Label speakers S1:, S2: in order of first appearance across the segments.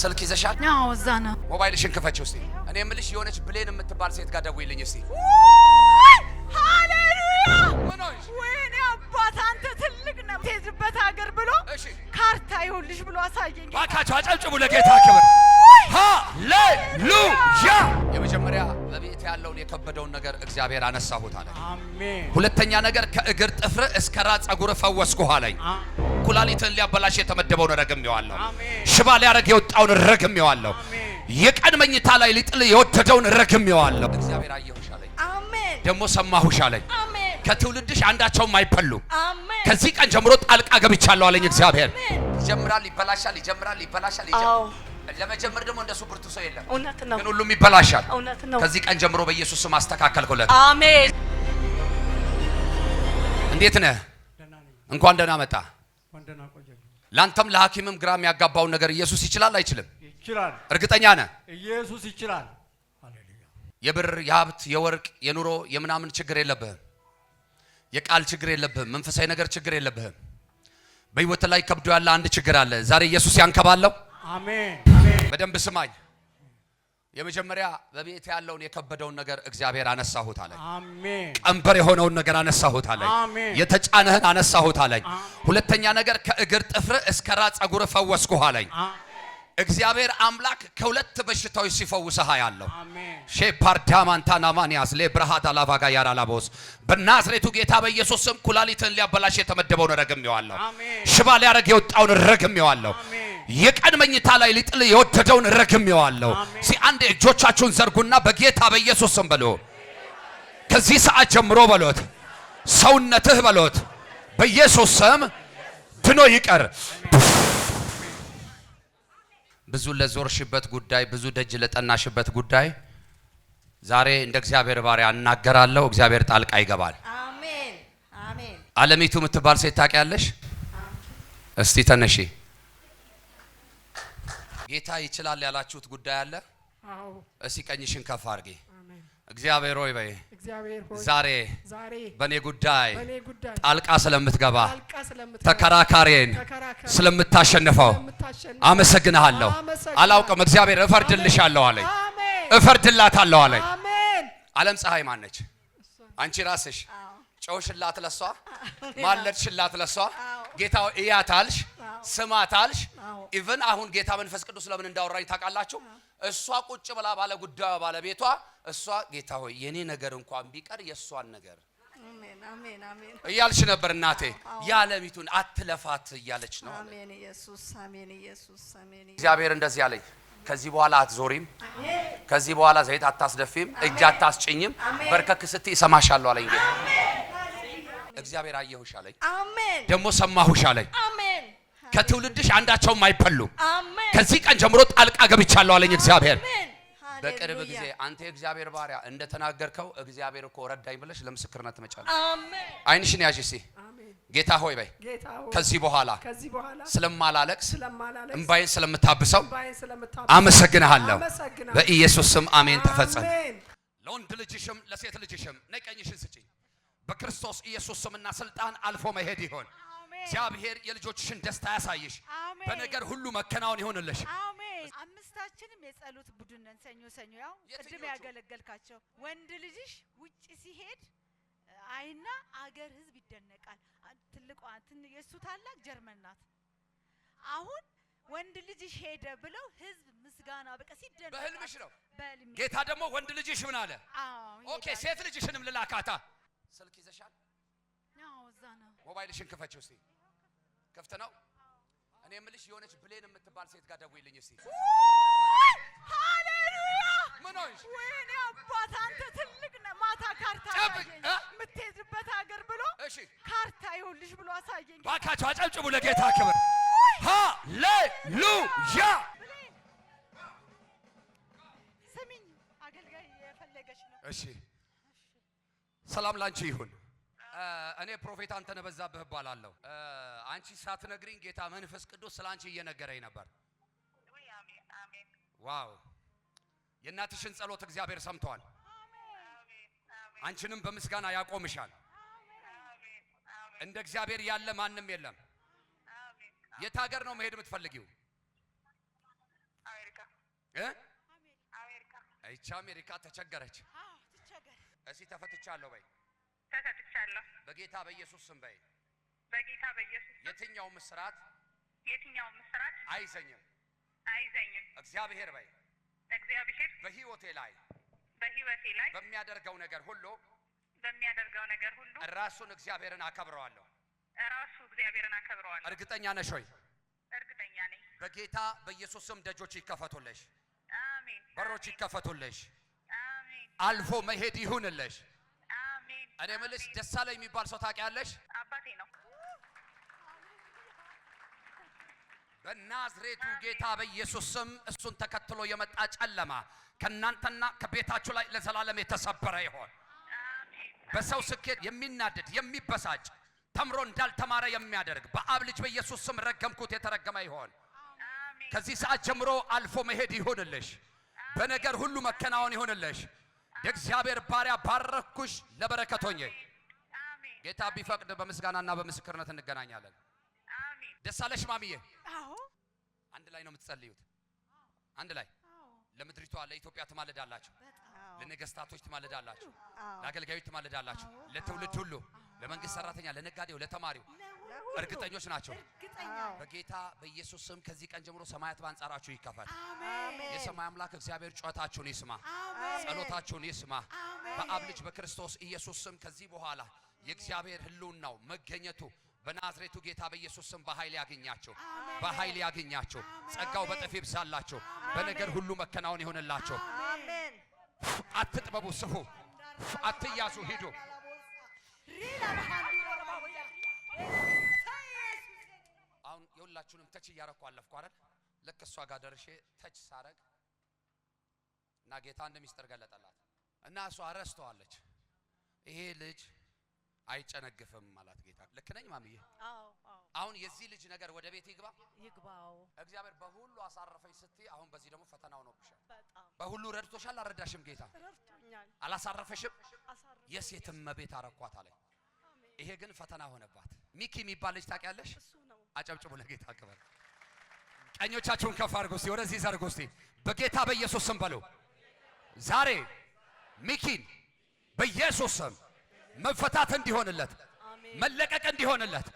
S1: ስልክ ይዘሻል?
S2: አዎ፣ እዛ ነው።
S1: ሞባይልሽን ክፈችው እስቲ። እኔ የምልሽ የሆነች ብሌን የምትባል ሴት ጋር ደውይልኝ እስቲ። ወይኔ አባት አንተ ትልቅ ነው። ሀገር ብሎ ካርታ ይኸውልሽ ብሎ አሳየኝ። አጨብጭቡ ለጌታ ክብር። ሃሌሉያ! የመጀመሪያ በቤት ያለውን የከበደውን ነገር እግዚአብሔር አነሳሁት ሁለተኛ ነገር ከእግር ጥፍር እስከ ራስ ጸጉር ፈወስኩህ አለኝ። ኩላሊትን ሊያበላሽ የተመደበውን ረግሜዋለሁ። ሽባ ሊያረግ የወጣውን ረግሜዋለሁ። የቀን መኝታ ላይ ሊጥል የወደደውን ረግሜዋለሁ። እግዚአብሔር አየሁሽ አለኝ፣ ደግሞ ሰማሁሽ አለኝ። ከትውልድሽ አንዳቸውም አይበሉም። ከዚህ ቀን ጀምሮ ጣልቃ ገብቻለሁ አለኝ እግዚአብሔር። ይጀምራል፣ ይበላሻል፣ ይጀምራል፣ ይበላሻል። ለመጀመር ደግሞ እንደሱ ብርቱ ሰው የለም። እውነት ነው፣ ግን ሁሉም ይበላሻል። እውነት ነው። ከዚህ ቀን ጀምሮ በኢየሱስ ስም አስተካከልኩለት። አሜን። እንዴት ነህ? እንኳን ደህና መጣ። ለአንተም ለሐኪምም ግራ የሚያጋባውን ነገር ኢየሱስ ይችላል አይችልም? ይችላል። እርግጠኛ ነህ? ኢየሱስ ይችላል። የብር የሀብት የወርቅ የኑሮ የምናምን ችግር የለብህም። የቃል ችግር የለብህም። መንፈሳዊ ነገር ችግር የለብህም። በህይወት ላይ ከብዶ ያለ አንድ ችግር አለ። ዛሬ ኢየሱስ ያንከባለው። አሜን። በደንብ ስማኝ። የመጀመሪያ በቤት ያለውን የከበደውን ነገር እግዚአብሔር አነሳሁት አለኝ። አሜን። ቀንበር የሆነውን ነገር አነሳሁት አለኝ። የተጫነህን አነሳሁት አለኝ። ሁለተኛ ነገር ከእግር ጥፍር እስከ ራስ ጸጉር ፈወስኩህ አለኝ። እግዚአብሔር አምላክ ከሁለት በሽታዎች ሲፈውስህ ያለው ሼፓርዳማንታና ማንያስ ሌብርሃት አላቫጋ ያራላቦስ በናዝሬቱ ጌታ በኢየሱስ ስም ኩላሊትን ሊያበላሽ የተመደበውን ረግሜዋለሁ። ሽባ ሊያረግ የወጣውን ረግሜዋለሁ። የቀን መኝታ ላይ ሊጥል የወደደውን ረግሜዋለሁ። ሲ አንድ እጆቻችሁን ዘርጉና በጌታ በኢየሱስም ስም በሎ ከዚህ ሰዓት ጀምሮ በሎት ሰውነትህ በሎት በኢየሱስ ስም ድኖ ይቀር። ብዙ ለዞርሽበት ጉዳይ፣ ብዙ ደጅ ለጠናሽበት ጉዳይ ዛሬ እንደ እግዚአብሔር ባሪያ እናገራለሁ። እግዚአብሔር ጣልቃ ይገባል። አሜን። አለሚቱ የምትባል ሴት ታውቂያለሽ? እስቲ ተነሺ ጌታ ይችላል ያላችሁት ጉዳይ አለ? አዎ። እሺ ቀኝሽን ከፍ አድርጊ። እግዚአብሔር ሆይ በይ ዛሬ በእኔ ጉዳይ ጣልቃ ስለምትገባ ተከራካሪን ስለምታሸንፈው አመሰግንሃለሁ። አላውቅም እግዚአብሔር እፈርድልሻለሁ አለኝ፣ እፈርድላታለሁ አለኝ። ዓለም ፀሐይ ማነች? አንቺ ራስሽ ጨውሽላት ለሷ ማለድሽላት ለሷ ጌታ እያታልሽ ስማታልሽ። ኢቨን አሁን ጌታ መንፈስ ቅዱስ ለምን እንዳወራኝ ታውቃላችሁ? እሷ ቁጭ ብላ ባለ ጉዳዩ ባለቤቷ እሷ ጌታ ሆይ የኔ ነገር እንኳን ቢቀር የእሷን ነገር እያልሽ ነበር እናቴ። የዓለሚቱን አትለፋት እያለች ነው። እግዚአብሔር እንደዚህ አለኝ። ከዚህ በኋላ አትዞሪም፣ ከዚህ በኋላ ዘይት አታስደፊም፣ እጅ አታስጭኝም። በርከክ ስቲ እሰማሻለሁ አለኝ ጌታ እግዚአብሔር አየሁሽ አለኝ። አሜን። ደግሞ ሰማሁሽ አለኝ። አሜን። ከትውልድሽ አንዳቸውም አይበሉ። አሜን። ከዚህ ቀን ጀምሮ ጣልቃ ገብቻለሁ አለኝ እግዚአብሔር። በቅርብ ጊዜ አንተ የእግዚአብሔር ባሪያ እንደተናገርከው እግዚአብሔር እኮ ረዳኝ ብለሽ ለምስክርነት ትመጫለሽ። አሜን። ዓይንሽን ያዥ እስቲ። ጌታ ሆይ በይ። ከዚህ በኋላ ስለማላለቅስ እምባዬን ስለምታብሰው አመሰግንሃለሁ። በኢየሱስ ስም አሜን። ተፈጸመ። ለወንድ ልጅሽም ለሴት ልጅሽም ነቀኝሽን ስጪኝ በክርስቶስ ኢየሱስ ስምና ስልጣን አልፎ መሄድ ይሆን። እግዚአብሔር የልጆችሽን ደስታ ያሳይሽ። በነገር ሁሉ መከናወን ይሆንልሽ። አምስታችንም የጸሎት ቡድን ነን። ሰኞ ሰኞ ያው ቅድም ያገለገልካቸው ወንድ ልጅሽ ውጭ ሲሄድ አይና አገር ህዝብ ይደነቃል። ትልቋ የእሱ ታላቅ ጀርመን ናት። አሁን ወንድ ልጅሽ ሄደ ብለው ህዝብ ምስጋና በቃ ሲደነቅ በህልምሽ ነው። ጌታ ደግሞ ወንድ ልጅሽ ምን አለ? ኦኬ ሴት ልጅሽንም ልላካታ ስልክ ይዘሻል? እዛ ነው። ሞባይልሽን ክፈችው እስቲ። ክፍት ነው። እኔ የምልሽ የሆነች ብሌን የምትባል ሴት ጋር ደውይልኝ እስቲ። ሃሌሉያ! ምን ሆንሽ? ወይኔ አባት አንተ ትልቅ ነህ። ማታ ካርታ የምትሄድበት ሀገር ብሎ እሺ፣ ካርታ ይኸውልሽ ብሎ አሳየኝ። ባካችሁ አጨብጭቡ ለጌታ ክብር። ሃሌሉያ! ስሚኝ፣ አገልጋይ የፈለገች ነው። እሺ ሰላም ላንቺ ይሁን። እኔ ፕሮፌት አንተነህ በዛብህ እባላለሁ። አንቺ ሳትነግሪኝ ጌታ መንፈስ ቅዱስ ስለ አንቺ እየነገረኝ ነበር። ዋው! የእናትሽን ጸሎት እግዚአብሔር ሰምተዋል። አንቺንም በምስጋና ያቆምሻል። እንደ እግዚአብሔር ያለ ማንም የለም። የት ሀገር ነው መሄድ የምትፈልጊው? ይቺ አሜሪካ ተቸገረች። እዚህ ተፈትቻለሁ በይ። ተፈትቻለሁ በጌታ በኢየሱስ ስም በይ። በጌታ በኢየሱስ የትኛው ምስራት የትኛው ምስራት አይዘኝም አይዘኝም። እግዚአብሔር በይ። እግዚአብሔር በህይወቴ ላይ በህይወቴ ላይ በሚያደርገው ነገር ሁሉ በሚያደርገው ነገር ሁሉ ራሱን እግዚአብሔርን አከብረዋለሁ። ራሱ እግዚአብሔርን አከብረዋለሁ። እርግጠኛ ነሽ ወይ? እርግጠኛ ነኝ። በጌታ በኢየሱስ ስም ደጆች ይከፈቱልሽ። አሜን። በሮች ይከፈቱልሽ። አልፎ መሄድ ይሁንልሽ። እኔ የምልሽ ደሳለኝ የሚባል ሰው ታውቂያለሽ? አባቴ ነው። በናዝሬቱ ጌታ በኢየሱስ ስም እሱን ተከትሎ የመጣ ጨለማ ከእናንተና ከቤታችሁ ላይ ለዘላለም የተሰበረ ይሆን። በሰው ስኬት የሚናደድ የሚበሳጭ ተምሮ እንዳልተማረ የሚያደርግ በአብ ልጅ በኢየሱስ ስም ረገምኩት። የተረገመ ይሆን። ከዚህ ሰዓት ጀምሮ አልፎ መሄድ ይሆንልሽ። በነገር ሁሉ መከናወን ይሆንልሽ። የእግዚአብሔር ባሪያ ባረኩሽ። ለበረከቶኝ ጌታ ቢፈቅድ በምስጋናና በምስክርነት እንገናኛለን። ደስ አለሽ ማሚዬ? አንድ ላይ ነው የምትጸልዩት። አንድ ላይ ለምድሪቷ ለኢትዮጵያ ትማልዳላችሁ፣ ለነገስታቶች ትማልዳላችሁ፣ ለአገልጋዮች ትማልዳላችሁ፣ ለትውልድ ሁሉ፣ ለመንግስት ሰራተኛ፣ ለነጋዴው፣ ለተማሪው እርግጠኞች ናቸው። በጌታ በኢየሱስ ስም ከዚህ ቀን ጀምሮ ሰማያት በአንጻራችሁ ይከፈት። የሰማይ አምላክ እግዚአብሔር ጩኸታችሁን ይስማ፣ ጸሎታችሁን ይስማ። በአብ ልጅ በክርስቶስ ኢየሱስ ስም ከዚህ በኋላ የእግዚአብሔር ሕልውናው መገኘቱ በናዝሬቱ ጌታ በኢየሱስ ስም በኃይል ያገኛቸው፣ በኃይል ያገኛቸው። ጸጋው በጥፍ ይብዛላቸው። በነገር ሁሉ መከናወን ይሆንላቸው። አትጥበቡ፣ ስፉ፣ አትያዙ፣ ሂዱ። ሁላችሁንም ተች እያረኩ አለፍኩ አይደል? ልክ እሷ ጋር ደርሼ ተች ሳረግ እና ጌታ እንደ ሚስጥር ገለጠላት እና እሷ ረስተዋለች። ይሄ ልጅ አይጨነግፍም አላት ጌታ። ልክ ነኝ ማምዬ? አሁን የዚህ ልጅ ነገር ወደ ቤት ይግባ ይግባው። እግዚአብሔር በሁሉ አሳረፈኝ ስትይ፣ አሁን በዚህ ደግሞ ፈተና ሆኖብሻል። በሁሉ ረድቶሻል። አልረዳሽም? ጌታ ረድቶኛል። አላሳረፈሽም? የሴትም መቤት አረኳት አለኝ። ይሄ ግን ፈተና ሆነባት። ሚኪ የሚባል ልጅ ታውቂያለሽ? አጨብጭቡ ለጌታ ክብር። ቀኞቻችሁን ከፍ አድርጉ እስቲ፣ ወደዚህ ዘርጉ እስቲ። በጌታ በኢየሱስ ስም በሉ። ዛሬ ሚኪን በኢየሱስ ስም መፈታት እንዲሆንለት፣ መለቀቅ እንዲሆንለት፣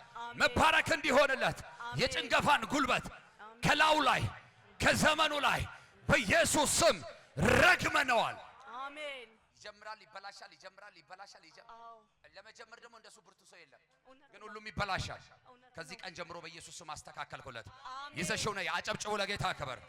S1: መባረክ እንዲሆንለት የጭንገፋን ጉልበት ከላዩ ላይ ከዘመኑ ላይ በኢየሱስ ስም ረግመነዋል። አሜን። ይጀምራል፣ ይበላሻል፣ ይጀምራል፣ ይበላሻል። ለመጀመር ደግሞ እንደሱ ብርቱ ሰው የለም፣ ግን ሁሉም ይበላሻል። ከዚህ ቀን ጀምሮ በኢየሱስ ስም አስተካከልኩለት። ይዘሽው ነይ። አጨብጭቡ ለጌታ ክብር።